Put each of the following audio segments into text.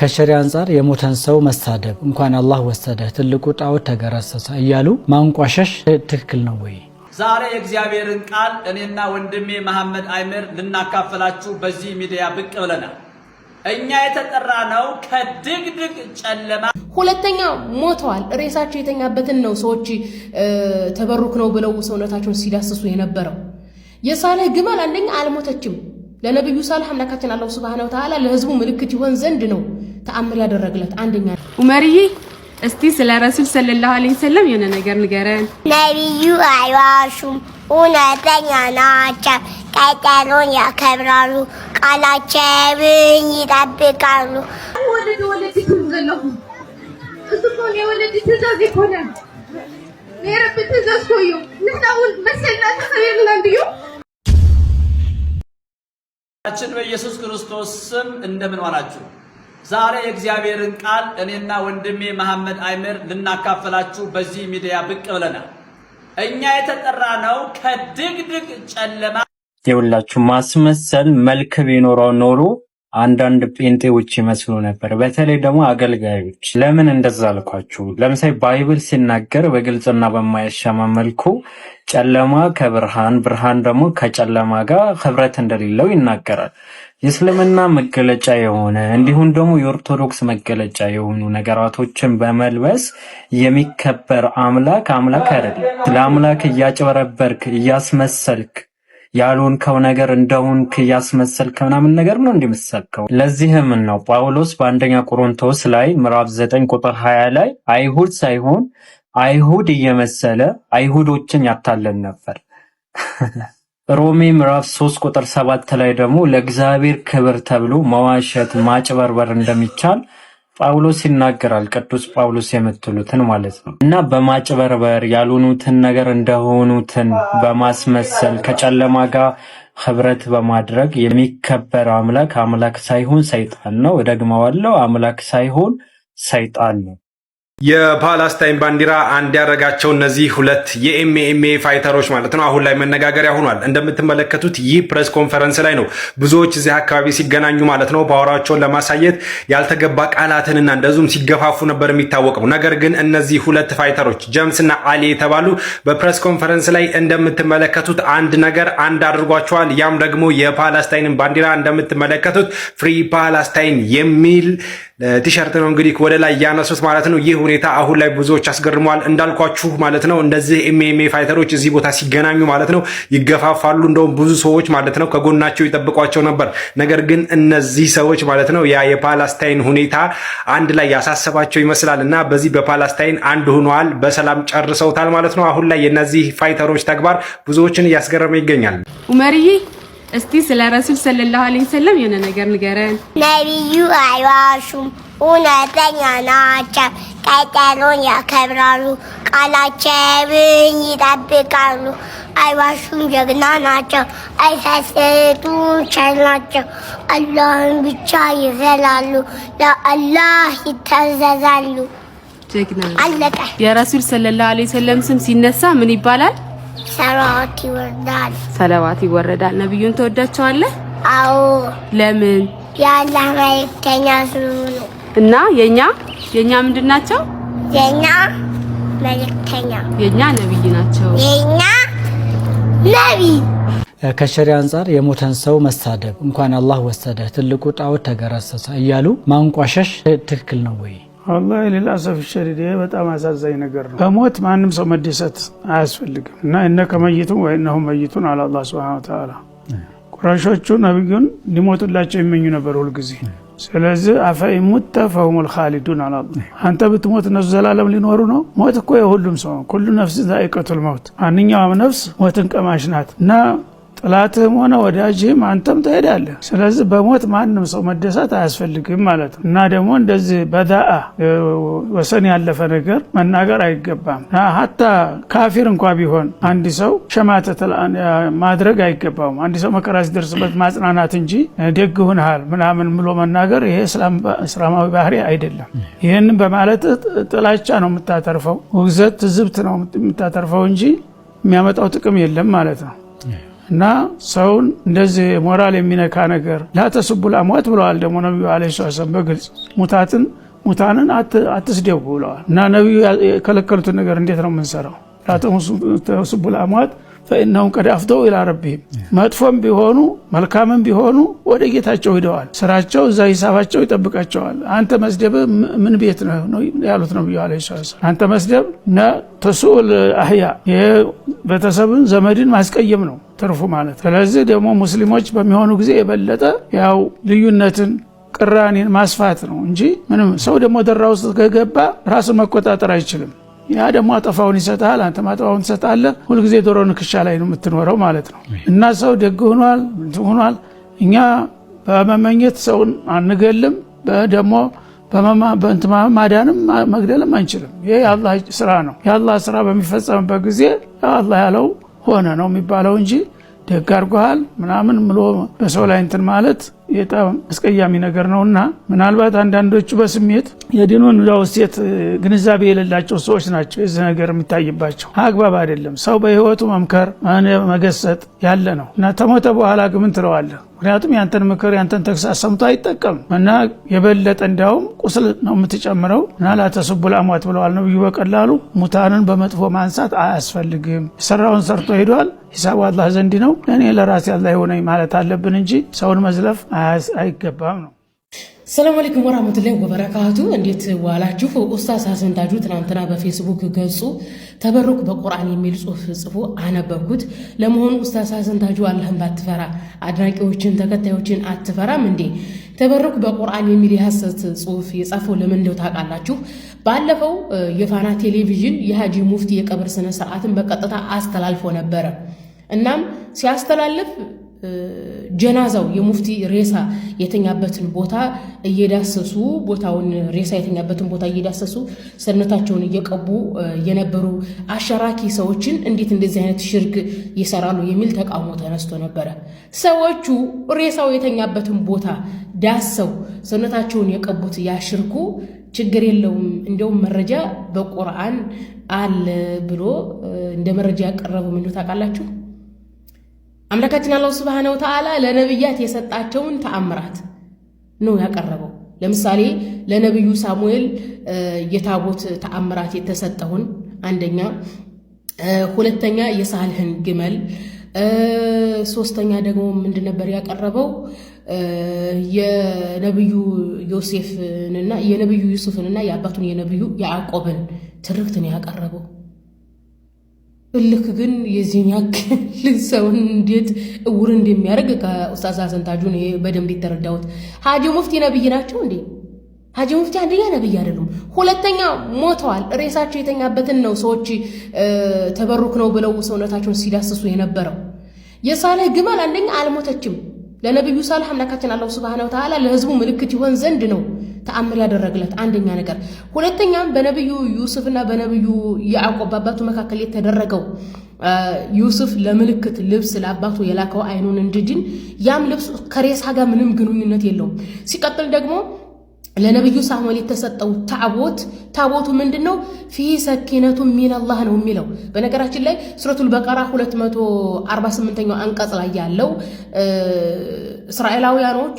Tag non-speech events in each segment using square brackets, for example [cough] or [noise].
ከሸሪያ አንጻር የሞተን ሰው መሳደብ እንኳን አላህ ወሰደ ትልቁ ጣዖት ተገረሰሰ እያሉ ማንቋሸሽ ትክክል ነው ወይ? ዛሬ የእግዚአብሔርን ቃል እኔና ወንድሜ መሐመድ አይምር ልናካፈላችሁ በዚህ ሚዲያ ብቅ ብለናል። እኛ የተጠራ ነው ከድቅድቅ ጨለማ። ሁለተኛ ሞተዋል፣ ሬሳቸው የተኛበትን ነው ሰዎች ተበሩክ ነው ብለው ሰውነታቸውን ሲዳስሱ የነበረው የሳሌ ግመል አንደኛ አልሞተችም። ለነቢዩ ሳልህ አምላካችን አላሁ ስብሃነ ወተዓላ ለህዝቡ ምልክት ይሆን ዘንድ ነው ተአምር ያደረግለት። አንደኛ ኡመርዬ፣ እስቲ ስለ ረሱል ሰለላሁ ዐለይሂ ወሰለም የሆነ ነገር ንገረን። ነቢዩ አይዋሹም፣ እውነተኛ ናቸው፣ ቀጠሮን ያከብራሉ፣ ቃላቸውን ይጠብቃሉ። ወለድ ወለድ ትዘለሁ እሱ እኮ ነው የወለድ ትእዛዝ ይኮናል የረብ ትእዛዝ ኮዩ ንሳውን መሰላ ተኸይርላን ብዩ ጌታችን በኢየሱስ ክርስቶስ ስም እንደምን ዋላችሁ። ዛሬ የእግዚአብሔርን ቃል እኔና ወንድሜ መሐመድ አይምር ልናካፈላችሁ በዚህ ሚዲያ ብቅ ብለናል። እኛ የተጠራ ነው ከድቅድቅ ጨለማ የሁላችሁ ማስመሰል መልክ ቢኖረው ኖሮ አንዳንድ ጴንጤዎች ይመስሉ ነበር። በተለይ ደግሞ አገልጋዮች። ለምን እንደዛ አልኳችሁ? ለምሳሌ ባይብል ሲናገር በግልጽና በማያሻማ መልኩ ጨለማ ከብርሃን ብርሃን ደግሞ ከጨለማ ጋር ህብረት እንደሌለው ይናገራል። የእስልምና መገለጫ የሆነ እንዲሁም ደግሞ የኦርቶዶክስ መገለጫ የሆኑ ነገራቶችን በመልበስ የሚከበር አምላክ አምላክ አይደለም። ለአምላክ እያጭበረበርክ እያስመሰልክ ያልሆንከው ነገር እንደሆንክ እያስመሰልክ ምናምን ነገር ነው እንደምትሰብከው። ለዚህም ነው ጳውሎስ በአንደኛ ቆሮንቶስ ላይ ምዕራፍ ዘጠኝ ቁጥር ሀያ ላይ አይሁድ ሳይሆን አይሁድ እየመሰለ አይሁዶችን ያታለን ነበር። ሮሜ ምዕራፍ ሶስት ቁጥር ሰባት ላይ ደግሞ ለእግዚአብሔር ክብር ተብሎ መዋሸት ማጭበርበር እንደሚቻል ጳውሎስ ይናገራል። ቅዱስ ጳውሎስ የምትሉትን ማለት ነው። እና በማጭበርበር ያልሆኑትን ነገር እንደሆኑትን በማስመሰል ከጨለማ ጋር ህብረት በማድረግ የሚከበር አምላክ አምላክ ሳይሆን ሰይጣን ነው። እደግመዋለሁ፣ አምላክ ሳይሆን ሰይጣን ነው። የፓላስታይን ባንዲራ አንድ ያደረጋቸው እነዚህ ሁለት የኤምኤምኤ ፋይተሮች ማለት ነው አሁን ላይ መነጋገሪያ ሆኗል። እንደምትመለከቱት ይህ ፕሬስ ኮንፈረንስ ላይ ነው ብዙዎች እዚህ አካባቢ ሲገናኙ ማለት ነው ፓወራቸውን ለማሳየት ያልተገባ ቃላትንና እንደዚሁም ሲገፋፉ ነበር የሚታወቀው። ነገር ግን እነዚህ ሁለት ፋይተሮች ጀምስ አሊ የተባሉ በፕሬስ ኮንፈረንስ ላይ እንደምትመለከቱት አንድ ነገር አንድ አድርጓቸዋል። ያም ደግሞ የፓላስታይንን ባንዲራ እንደምትመለከቱት ፍሪ ፓላስታይን የሚል ቲሸርት ነው እንግዲህ ወደ ላይ እያነሱት ማለት ነው ይህ ሁኔታ አሁን ላይ ብዙዎች አስገርመዋል። እንዳልኳችሁ ማለት ነው እንደዚህ ኤምኤምኤ ፋይተሮች እዚህ ቦታ ሲገናኙ ማለት ነው ይገፋፋሉ። እንደውም ብዙ ሰዎች ማለት ነው ከጎናቸው ይጠብቋቸው ነበር። ነገር ግን እነዚህ ሰዎች ማለት ነው ያ የፓላስታይን ሁኔታ አንድ ላይ ያሳሰባቸው ይመስላል እና በዚህ በፓላስታይን አንድ ሆነዋል። በሰላም ጨርሰውታል ማለት ነው። አሁን ላይ የነዚህ ፋይተሮች ተግባር ብዙዎችን እያስገረመ ይገኛል። ኡመርዬ እስቲ ስለ ረሱል ሰለላሁ ዐለይሂ ወሰለም የሆነ ነገር ንገረን። ነቢዩ አይዋሹም፣ እውነተኛ ናቸው። ቀጠሮን ያከብራሉ፣ ቃላቸውን ይጠብቃሉ። አይዋሹም፣ ጀግና ናቸው። አይሳስቱ፣ ቸር ናቸው። አላህን ብቻ ይፈራሉ፣ ለአላህ ይታዘዛሉ። አለቀ። የረሱል ሰለላሁ ዐለይሂ ወሰለም ስም ሲነሳ ምን ይባላል? ሰለዋት ይወርዳል። ሰለዋት ይወረዳል። ነብዩን ተወዳቸዋለህ? አዎ። ለምን? የአላህ መልእክተኛ ስለሆኑ እና የኛ የኛ ምንድን ናቸው? የኛ መልእክተኛ የኛ ነብይ ናቸው። የኛ ነብይ ከሸሪያ አንጻር የሞተን ሰው መሳደብ እንኳን አላህ ወሰደ ትልቁ ጣዖት ተገረሰሰ እያሉ ማንቋሸሽ ትክክል ነው ወይ? ወላሂ ሊልአሰፍ ሸዲድ ይሄ በጣም አሳዛኝ ነገር ነው። በሞት ማንም ሰው መደሰት አያስፈልግም እና እነከ መይቱን ወኢነሁ መይቱን አለ አላህ ሱብሓነሁ ወተዓላ። ቁረሾቹ ነቢዩን ሊሞቱላቸው ይመኙ ነበር ሁልጊዜ ስለዚህ አፈኢሙተ ፈሁሙል ኻሊዱን አላ አንተ ብትሞት እነሱ ዘላለም ሊኖሩ ነው። ሞት እኮ የሁሉም ሰው ኩሉ ነፍስ ዛኢቀቱል መውት ማንኛውም ነፍስ ሞትን ቀማሽ ናት እና ጥላትህም ሆነ ወዳጅህም አንተም ትሄዳለህ። ስለዚህ በሞት ማንም ሰው መደሳት አያስፈልግም ማለት ነው እና ደግሞ እንደዚህ በዛአ ወሰን ያለፈ ነገር መናገር አይገባም። ሀታ ካፊር እንኳ ቢሆን አንድ ሰው ሸማተት ማድረግ አይገባውም። አንድ ሰው መከራ ሲደርስበት ማጽናናት እንጂ ደግ ሁንሃል ምናምን ብሎ መናገር ይሄ እስላማዊ ባህሪ አይደለም። ይህን በማለት ጥላቻ ነው የምታተርፈው፣ ውግዘት ትዝብት ነው የምታተርፈው እንጂ የሚያመጣው ጥቅም የለም ማለት ነው። እና ሰውን እንደዚህ ሞራል የሚነካ ነገር ላተስቡ ላሟት ብለዋል። ደግሞ ነቢዩ ዓለይሂ ሰላም በግልጽ ሙታትን ሙታንን አትስደቡ ብለዋል። እና ነቢዩ የከለከሉትን ነገር እንዴት ነው የምንሰራው? ላተስቡ ላሟት ፈኢነሁም ቀድ አፍደው ኢላ ረቢህም መጥፎም ቢሆኑ መልካምም ቢሆኑ ወደ ጌታቸው ሂደዋል። ስራቸው እዛ ሂሳባቸው ይጠብቃቸዋል። አንተ መስደብ ምን ቤት ነህ ያሉት ነው ብዬ ለ አንተ መስደብ ነ ተሱል አህያ ቤተሰብን ዘመድን ማስቀየም ነው ትርፉ ማለት። ስለዚህ ደግሞ ሙስሊሞች በሚሆኑ ጊዜ የበለጠ ያው ልዩነትን ቅራኔን ማስፋት ነው እንጂ ምንም ሰው ደግሞ ደራ ውስጥ ከገባ ራሱን መቆጣጠር አይችልም። ያ ደግሞ አጠፋውን ይሰጣል፣ አንተ ማጠፋውን ትሰጣለ ሁልጊዜ ዶሮ ንክሻ ላይ ነው የምትኖረው ማለት ነው። እና ሰው ደግ ሆኗል ሆኗል። እኛ በመመኘት ሰውን አንገልም፣ ደግሞ ማዳንም መግደልም አንችልም። ይህ የአላህ ስራ ነው። የአላህ ስራ በሚፈጸምበት ጊዜ አላ ያለው ሆነ ነው የሚባለው እንጂ ደግ አድርጎሃል ምናምን ምሎ በሰው ላይ እንትን ማለት በጣም አስቀያሚ ነገር ነው እና ምናልባት አንዳንዶቹ በስሜት የዲኑን ለውስጤት ግንዛቤ የሌላቸው ሰዎች ናቸው የዚህ ነገር የሚታይባቸው። አግባብ አይደለም። ሰው በህይወቱ መምከር መገሰጥ ያለ ነው እና ተሞተ በኋላ ግምን ትለዋለህ። ምክንያቱም ያንተን ምክር ያንተን ተግሳጽ ሰምቶ አይጠቀም እና የበለጠ እንዲያውም ቁስል ነው የምትጨምረው እና ላተሱቡል አሟት ብለዋል ነብዩ። በቀላሉ ሙታንን በመጥፎ ማንሳት አያስፈልግም። የሰራውን ሰርቶ ሄዷል። ሂሳቡ አላህ ዘንድ ነው። እኔ ለራሴ አላህ የሆነኝ ማለት አለብን እንጂ ሰውን መዝለፍ አይገባም ነው። ሰላም አለይኩም ወራህመቱላሂ ወበረካቱ። እንዴት ዋላችሁ? ኡስታዝ ሀሰን ትናንትና በፌስቡክ ገጹ ተበሩክ በቁርአን የሚል ጽሁፍ ጽፎ አነበብኩት። ለመሆኑ ኡስታዝ ሀሰን ታጁ አላህን ባትፈራ አድናቂዎችን ተከታዮችን አትፈራም እንዴ? ተበሩክ በቁርአን የሚል የሐሰት ጽሁፍ የጻፈው ለምን እንደው ታውቃላችሁ? ባለፈው የፋና ቴሌቪዥን የሃጂ ሙፍቲ የቀብር ስነ ስርዓትን በቀጥታ አስተላልፎ ነበረ። እናም ሲያስተላልፍ ጀናዛው የሙፍቲ ሬሳ የተኛበትን ቦታ እየዳሰሱ ቦታውን ሬሳ የተኛበትን ቦታ እየዳሰሱ ሰውነታቸውን እየቀቡ የነበሩ አሸራኪ ሰዎችን እንዴት እንደዚህ አይነት ሽርክ ይሰራሉ የሚል ተቃውሞ ተነስቶ ነበረ። ሰዎቹ ሬሳው የተኛበትን ቦታ ዳሰው ሰውነታቸውን የቀቡት ያሽርኩ ችግር የለውም እንደውም መረጃ በቁርአን አለ ብሎ እንደ መረጃ ያቀረበው ምንዱ ታውቃላችሁ? አምላካችን አላሁ ስብሓነ ወተዓላ ለነቢያት የሰጣቸውን ተአምራት ነው ያቀረበው። ለምሳሌ ለነቢዩ ሳሙኤል የታቦት ተአምራት የተሰጠውን አንደኛ፣ ሁለተኛ የሳልህን ግመል፣ ሶስተኛ ደግሞ ምንድን ነበር ያቀረበው የነቢዩ ዮሴፍንና የነቢዩ ዩሱፍንና የአባቱን የነቢዩ ያዕቆብን ትርክትን ያቀረበው እልክ ግን የዚህን ያክል ሰውን እንዴት እውር እንደሚያደርግ ከኡስታዝ ሀሰን ታጁ በደንብ የተረዳሁት። ሀጂ ሙፍቲ ነብይ ናቸው እንዴ? ሀጂ ሙፍቲ አንደኛ ነብይ አይደሉም፣ ሁለተኛ ሞተዋል። ሬሳቸው የተኛበትን ነው ሰዎች ተበሩክ ነው ብለው ሰውነታቸውን ሲዳስሱ የነበረው። የሳሌህ ግመል አንደኛ አልሞተችም። ለነቢዩ ሳልህ አምላካችን አላሁ ስብሃነ ወተዓላ ለህዝቡ ምልክት ይሆን ዘንድ ነው ተአምር ያደረግለት አንደኛ ነገር። ሁለተኛም በነብዩ ዩሱፍና በነብዩ ያዕቆብ በአባቱ መካከል የተደረገው ዩሱፍ ለምልክት ልብስ ለአባቱ የላከው አይኑን እንድድን፣ ያም ልብስ ከሬሳ ጋር ምንም ግንኙነት የለውም። ሲቀጥል ደግሞ ለነብዩ ሳሙኤል የተሰጠው ታቦት ታቦቱ ምንድን ነው? ፊ ሰኪነቱ ሚንላህ ነው የሚለው። በነገራችን ላይ ሱረቱል በቀራ 248ኛው አንቀጽ ላይ ያለው እስራኤላውያኖች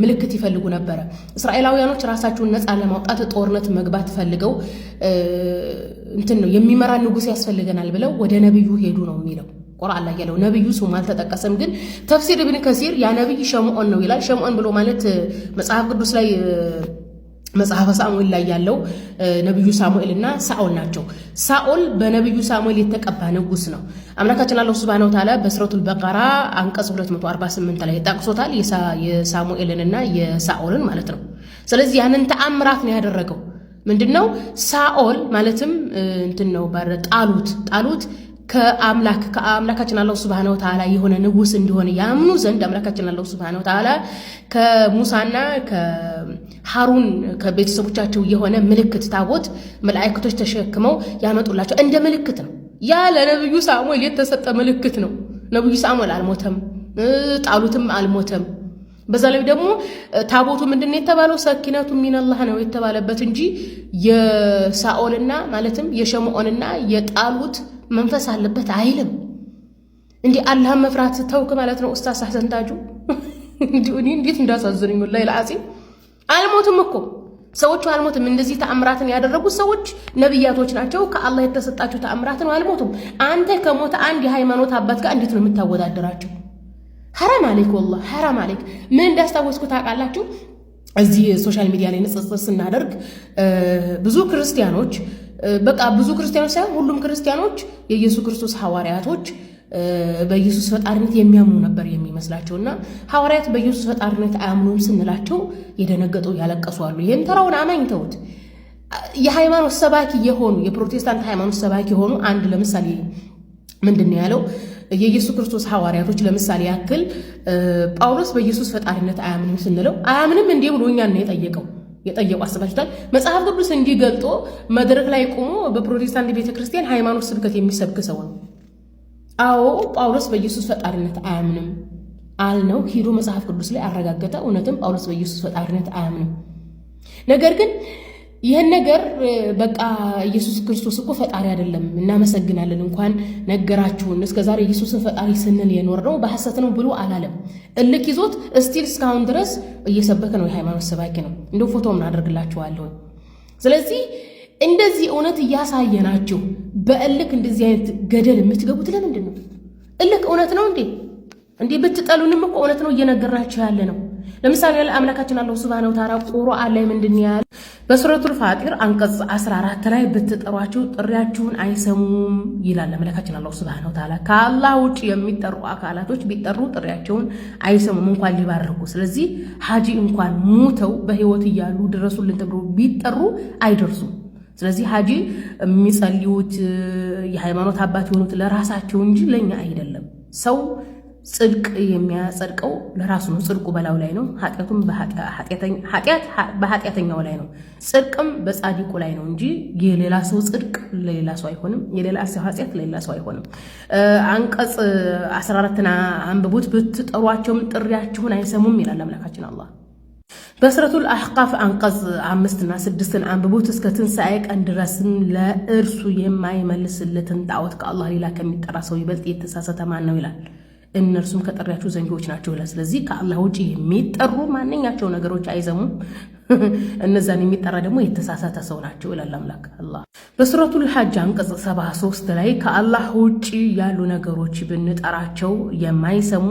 ምልክት ይፈልጉ ነበረ። እስራኤላውያኖች ራሳቸውን ነፃ ለማውጣት ጦርነት መግባት ፈልገው እንትን ነው የሚመራ ንጉሥ ያስፈልገናል ብለው ወደ ነቢዩ ሄዱ ነው የሚለው ቁርአን ላይ ያለው ነቢዩ ስሙ አልተጠቀሰም። ግን ተፍሲር ኢብን ከሲር ያ ነቢይ ሸምዖን ነው ይላል። ሸምዖን ብሎ ማለት መጽሐፍ ቅዱስ ላይ መጽሐፈ ሳሙኤል ላይ ያለው ነቢዩ ሳሙኤል እና ሳኦል ናቸው። ሳኦል በነቢዩ ሳሙኤል የተቀባ ንጉስ ነው። አምላካችን አላሁ ስብሃነ ወተዓላ በሱረቱል በቀራ አንቀጽ 248 ላይ ጠቅሶታል፣ የሳሙኤልን የሳኦልን ማለት ነው። ስለዚህ ያንን ተአምራት ነው ያደረገው። ምንድን ነው ሳኦል ማለትም እንትን ነው ጣሉት ጣሉት ከአምላክ ከአምላካችን አላሁ ስብሃነ ወተዓላ የሆነ ንጉስ እንደሆነ ያምኑ ዘንድ አምላካችን አላሁ ስብሃነ ወተዓላ ከሙሳና ሀሩን ከቤተሰቦቻቸው የሆነ ምልክት ታቦት መላእክቶች ተሸክመው ያመጡላቸው እንደ ምልክት ነው። ያ ለነብዩ ሳሙኤል የተሰጠ ምልክት ነው። ነብዩ ሳሙኤል አልሞተም፣ ጣሉትም አልሞተም። በዛ ላይ ደግሞ ታቦቱ ምንድን የተባለው ሰኪነቱ ሚነላህ ነው የተባለበት እንጂ የሳኦልና ማለትም የሸምዖንና የጣሉት መንፈስ አለበት አይልም። እንዲህ አላህን መፍራት ተውክ ማለት ነው ኡስታዝ ሐሰን እንዲሁ እኔ እንዴት እንዳሳዝንኝ ላይ አልሞትም እኮ ሰዎቹ አልሞትም። እንደዚህ ተአምራትን ያደረጉት ሰዎች ነብያቶች ናቸው። ከአላህ የተሰጣቸው ተአምራትን አልሞቱም። አንተ ከሞተ አንድ የሃይማኖት አባት ጋር እንዴት ነው የምታወዳደራቸው? ሐራም አለይክ ወላሂ ሐራም አለይክ። ምን እንዳስታወስኩ ታውቃላችሁ? እዚህ ሶሻል ሚዲያ ላይ ንጽጽር ስናደርግ ብዙ ክርስቲያኖች በቃ ብዙ ክርስቲያኖች ሳይሆን ሁሉም ክርስቲያኖች የኢየሱስ ክርስቶስ ሐዋርያቶች በኢየሱስ ፈጣሪነት የሚያምኑ ነበር የሚመስላቸው እና ሐዋርያት በኢየሱስ ፈጣሪነት አያምኑም ስንላቸው የደነገጡ ያለቀሱ አሉ። ይህም ተራውን አማኝ ተውት። የሃይማኖት ሰባኪ የሆኑ የፕሮቴስታንት ሃይማኖት ሰባኪ የሆኑ አንድ ለምሳሌ ምንድን ነው ያለው? የኢየሱስ ክርስቶስ ሐዋርያቶች ለምሳሌ ያክል ጳውሎስ በኢየሱስ ፈጣሪነት አያምንም ስንለው አያምንም እንዲህ ብሎ እኛን ነው የጠየቀው የጠየቁ አስባችሁታል። መጽሐፍ ቅዱስ እንዲገልጦ መድረክ ላይ ቆሞ በፕሮቴስታንት ቤተክርስቲያን ሃይማኖት ስብከት የሚሰብክ ሰው ነው። አዎ ጳውሎስ በኢየሱስ ፈጣሪነት አያምንም አልነው። ሂዶ መጽሐፍ ቅዱስ ላይ አረጋገጠ። እውነትም ጳውሎስ በኢየሱስ ፈጣሪነት አያምንም። ነገር ግን ይህን ነገር በቃ ኢየሱስ ክርስቶስ እኮ ፈጣሪ አይደለም፣ እናመሰግናለን፣ እንኳን ነገራችሁን፣ እስከዛሬ ኢየሱስን ፈጣሪ ስንል የኖር ነው በሐሰት ነው ብሎ አላለም። እልክ ይዞት እስቲል እስካሁን ድረስ እየሰበከ ነው። የሃይማኖት ሰባኪ ነው። እንደ ፎቶ ምን አደርግላችኋለሁ። ስለዚህ እንደዚህ እውነት እያሳየናችሁ በእልክ እንደዚህ አይነት ገደል የምትገቡት ለምንድን ነው? እልክ እውነት ነው እንዴ? እንዴ ብትጠሉንም እኮ እውነት ነው እየነገርናቸው ያለ ነው። ለምሳሌ ያለ አምላካችን አላሁ ሱብሃነሁ ወተዓላ ቁርአን ላይ ምንድን ያለ በሱረቱል ፋጢር አንቀጽ 14 ላይ ብትጠሯቸው ጥሪያችሁን አይሰሙም ይላል አምላካችን አላሁ ሱብሃነሁ ወተዓላ። ከአላህ ውጭ የሚጠሩ አካላቶች ቢጠሩ ጥሪያቸውን አይሰሙም እንኳን ሊባርኩ። ስለዚህ ሀጂ እንኳን ሙተው በህይወት እያሉ ድረሱልን ተብሎ ቢጠሩ አይደርሱም። ስለዚህ ሀጂ የሚጸልዩት የሃይማኖት አባት የሆኑት ለራሳቸው እንጂ ለእኛ አይደለም። ሰው ጽድቅ የሚያጸድቀው ለራሱ ነው። ጽድቁ በላዩ ላይ ነው፣ ኃጢአቱም በኃጢአተኛው ላይ ነው፣ ጽድቅም በጻዲቁ ላይ ነው እንጂ የሌላ ሰው ጽድቅ ለሌላ ሰው አይሆንም፣ የሌላ ሰው ኃጢአት ለሌላ ሰው አይሆንም። አንቀጽ 14ና አንብቡት። ብትጠሯቸውም ጥሪያችሁን አይሰሙም ይላል አምላካችን አላህ በስረቱል አሕቃፍ አንቀጽ አምስትና ስድስትን አንብቡት። እስከ ትንሣኤ ቀን ድረስም ለእርሱ የማይመልስለትን ጣዖት ከአላህ ሌላ ከሚጠራ ሰው ይበልጥ የተሳሳተ ማን ነው ይላል። እነርሱም ከጠሪያችሁ ዘንጊዎች ናቸው ይላል። ስለዚህ ከአላህ ውጭ የሚጠሩ ማንኛቸው ነገሮች አይዘሙም። [laughs] እነዛን የሚጠራ ደግሞ የተሳሳተ ሰው ናቸው ይላል አምላክ አላህ በሱረቱል ሐጅ አንቀጽ 73 ላይ ከአላህ ውጭ ያሉ ነገሮች ብንጠራቸው የማይሰሙ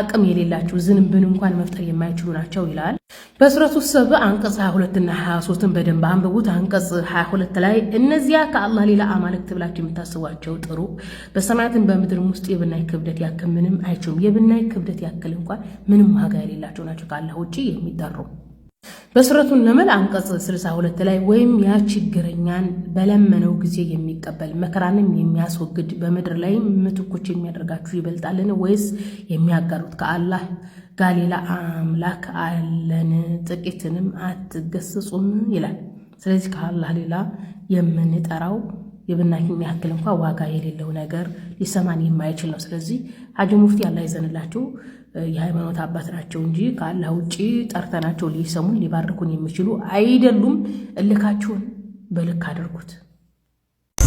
አቅም የሌላቸው ዝንብን እንኳን መፍጠር የማይችሉ ናቸው ይላል። በሱረቱ ሰባ አንቀጽ 22 እና 23ን በደንብ አንብቡት። አንቀጽ 22 ላይ እነዚያ ከአላህ ሌላ አማልክት ብላችሁ የምታስቧቸው ጥሩ በሰማያትን በምድርም ውስጥ የብናይ ክብደት ያክል ምንም አይችሉም። የብናይ ክብደት ያክል እንኳን ምንም ዋጋ የሌላቸው ናቸው ከአላህ ውጭ የሚጠሩ በሱረቱን ነመል አንቀጽ 62 ላይ ወይም ያ ችግረኛን በለመነው ጊዜ የሚቀበል መከራንም የሚያስወግድ በምድር ላይ ምትኮች የሚያደርጋችሁ ይበልጣልን? ወይስ የሚያጋሩት ከአላህ ጋር ሌላ አምላክ አለን? ጥቂትንም አትገስጹም ይላል። ስለዚህ ከአላህ ሌላ የምንጠራው የብናኝ ያክል እንኳ ዋጋ የሌለው ነገር ሊሰማን የማይችል ነው። ስለዚህ ሀጂ ሙፍቲ አላህ ይዘንላችሁ። የሃይማኖት አባት ናቸው እንጂ ከአላህ ውጭ ጠርተናቸው ሊሰሙን ሊባርኩን የሚችሉ አይደሉም። እልካችሁን በልክ አድርጉት።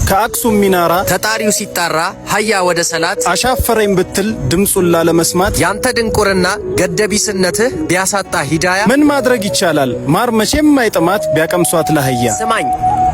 ከአክሱም ሚናራ ተጣሪው ሲጣራ ሀያ ወደ ሰላት አሻፈረኝ ብትል ድምፁን ላለመስማት ያንተ ድንቁርና ገደቢስነትህ ቢያሳጣ ሂዳያ ምን ማድረግ ይቻላል? ማር መቼም አይጥማት ቢያቀምሷት ለአህያ ስማኝ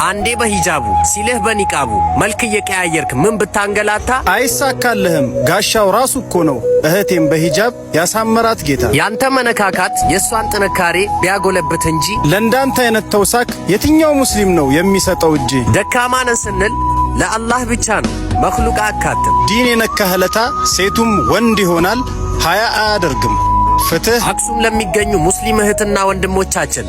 አንዴ በሂጃቡ ሲልህ በኒቃቡ መልክ እየቀያየርክ ምን ብታንገላታ አይሳካልህም። ጋሻው ራሱ እኮ ነው እህቴም በሂጃብ ያሳመራት ጌታ። ያንተ መነካካት የእሷን ጥንካሬ ቢያጎለብት እንጂ ለእንዳንተ አይነት ተውሳክ የትኛው ሙስሊም ነው የሚሰጠው እጅ? ደካማነን ስንል ለአላህ ብቻ ነው መክሉቅ አካትም። ዲን የነካህለታ ሴቱም ወንድ ይሆናል ሀያ አያደርግም። ፍትህ አክሱም ለሚገኙ ሙስሊም እህትና ወንድሞቻችን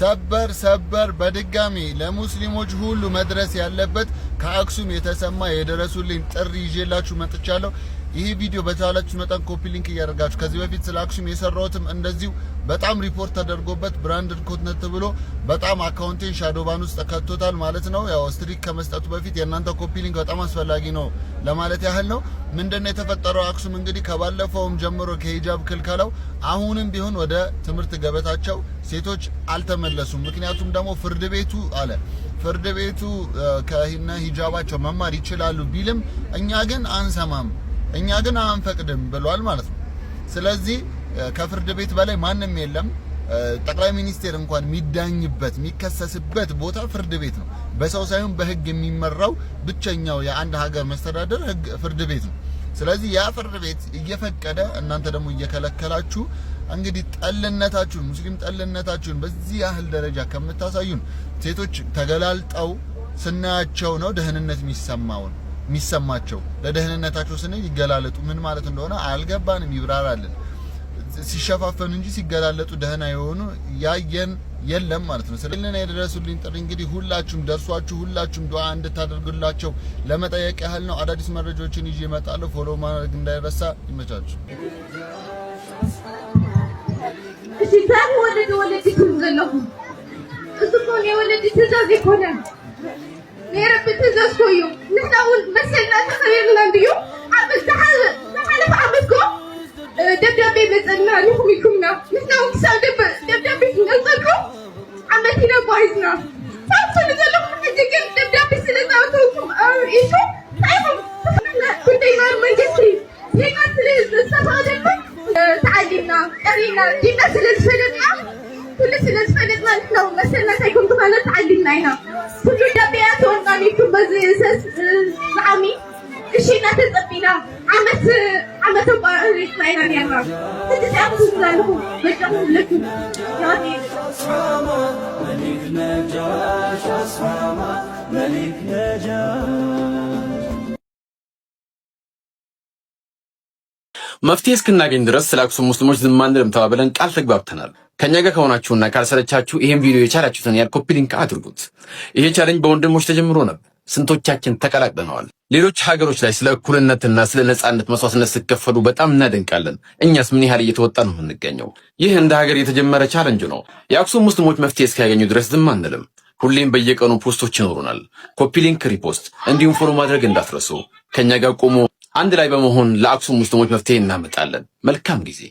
ሰበር ሰበር! በድጋሚ ለሙስሊሞች ሁሉ መድረስ ያለበት ከአክሱም የተሰማ የደረሱልኝ ጥሪ ይዤላችሁ መጥቻለሁ። ይሄ ቪዲዮ በቻላችሁ መጠን ኮፒ ሊንክ እያደረጋችሁ ከዚህ በፊት ስለ አክሱም የሰራሁትም እንደዚሁ በጣም ሪፖርት ተደርጎበት ብራንድድ ኮትነት ተብሎ በጣም አካውንቴን ሻዶባን ውስጥ ተከቶታል ማለት ነው። ያው ስትሪክ ከመስጠቱ በፊት የእናንተ ኮፒ ሊንክ በጣም አስፈላጊ ነው ለማለት ያህል ነው። ምንድነው የተፈጠረው? አክሱም እንግዲህ ከባለፈውም ጀምሮ ከሂጃብ ክልከላው አሁንም ቢሆን ወደ ትምህርት ገበታቸው ሴቶች አልተመለሱም። ምክንያቱም ደግሞ ፍርድ ቤቱ አለ ፍርድ ቤቱ ከነ ሂጃባቸው መማር ይችላሉ ቢልም እኛ ግን አንሰማም። እኛ ግን አንፈቅድም ብሏል ማለት ነው። ስለዚህ ከፍርድ ቤት በላይ ማንም የለም። ጠቅላይ ሚኒስቴር እንኳን የሚዳኝበት የሚከሰስበት ቦታ ፍርድ ቤት ነው። በሰው ሳይሆን በህግ የሚመራው ብቸኛው የአንድ ሀገር መስተዳደር ህግ ፍርድ ቤት ነው። ስለዚህ ያ ፍርድ ቤት እየፈቀደ እናንተ ደግሞ እየከለከላችሁ እንግዲህ ጠልነታችሁን ሙስሊም ጠልነታችሁን በዚህ ያህል ደረጃ ከምታሳዩን ሴቶች ተገላልጠው ስናያቸው ነው ደህንነት የሚሰማውን የሚሰማቸው ለደህንነታቸው ስንል ይገላለጡ ምን ማለት እንደሆነ አልገባንም፣ ይብራራልን። ሲሸፋፈኑ እንጂ ሲገላለጡ ደህና የሆኑ ያየን የለም ማለት ነው። ስለዚህ ለኔ የደረሱልኝ ጥሪ እንግዲህ ሁላችሁም ደርሷችሁ ሁላችሁም ዱዓ እንድታደርግላቸው ለመጠየቅ ያህል ነው። አዳዲስ መረጃዎችን ይዤ እመጣለሁ። ፎሎ ማድረግ እንዳይረሳ። ይመቻችሁ። እሺ ታው ወለድ ወለድ ዘለሁ እሱ ነው የወለድ ትእዛዝ ይኮናል ነይረቢ ተዘዝኮ እዩ ንሕና እውን መሰልና ተኸቢርና ድዩ ዝሓለፈ ዓመት ኮ ደብዳቤ መፀልና ንኹም ኢልኩምና ንሕና እውን ክሳብ ደብዳቤ ነፀልኩ ዓመት ኢና ጓሒዝና ሳብ ኮኑ ዘለኹም ሕጂ ግን ደብዳቤ ስለፃወተውኩም ኢልኩም ታይኹም ኩንደይማር መንግስቲ ዜጋ ስለ ዝተፈቐደልኩም ተዓሊምና ቀሪና ዲና ስለ ዝፈለጥና ኩሉ ስለ ዝፈልጥ ማለት ነው መሰልና ሳይኩም ክፋለት ዓሊምና ኢና ኩሉ ደቢያ ተወጣኒኩም በዚ ዝዓሚ እሺ እናተፀቢና ዓመት ዓመት ባሪትና ኢና ነርና እቲ ሲኣምሱ ዝላለኹ በጨኹ ዝለኩም ያዋት መሊክ ነጃሽ አስማማ መሊክ ነጃሽ መፍትሄ እስክናገኝ ድረስ ስለ አክሱም ሙስሊሞች ዝም አንልም ተባብለን ቃል ተግባብተናል። ከእኛ ጋር ከሆናችሁና ካልሰለቻችሁ ይህን ቪዲዮ የቻላችሁትን ያህል ኮፒ ሊንክ አድርጉት። ይሄ ቻለንጅ በወንድሞች ተጀምሮ ነበር። ስንቶቻችን ተቀላቅለነዋል? ሌሎች ሀገሮች ላይ ስለ እኩልነትና ስለ ነጻነት መስዋዕትነት ስከፈሉ በጣም እናደንቃለን። እኛስ ምን ያህል እየተወጣ ነው የምንገኘው? ይህ እንደ ሀገር የተጀመረ ቻለንጅ ነው። የአክሱም ሙስሊሞች መፍትሄ እስኪያገኙ ድረስ ዝም አንልም። ሁሌም በየቀኑ ፖስቶች ይኖሩናል። ኮፒ ሊንክ፣ ሪፖስት እንዲሁም ፎሎ ማድረግ እንዳትረሱ። ከእኛ ጋር ቆሞ አንድ ላይ በመሆን ለአክሱም ሙስሊሞች መፍትሄ እናመጣለን። መልካም ጊዜ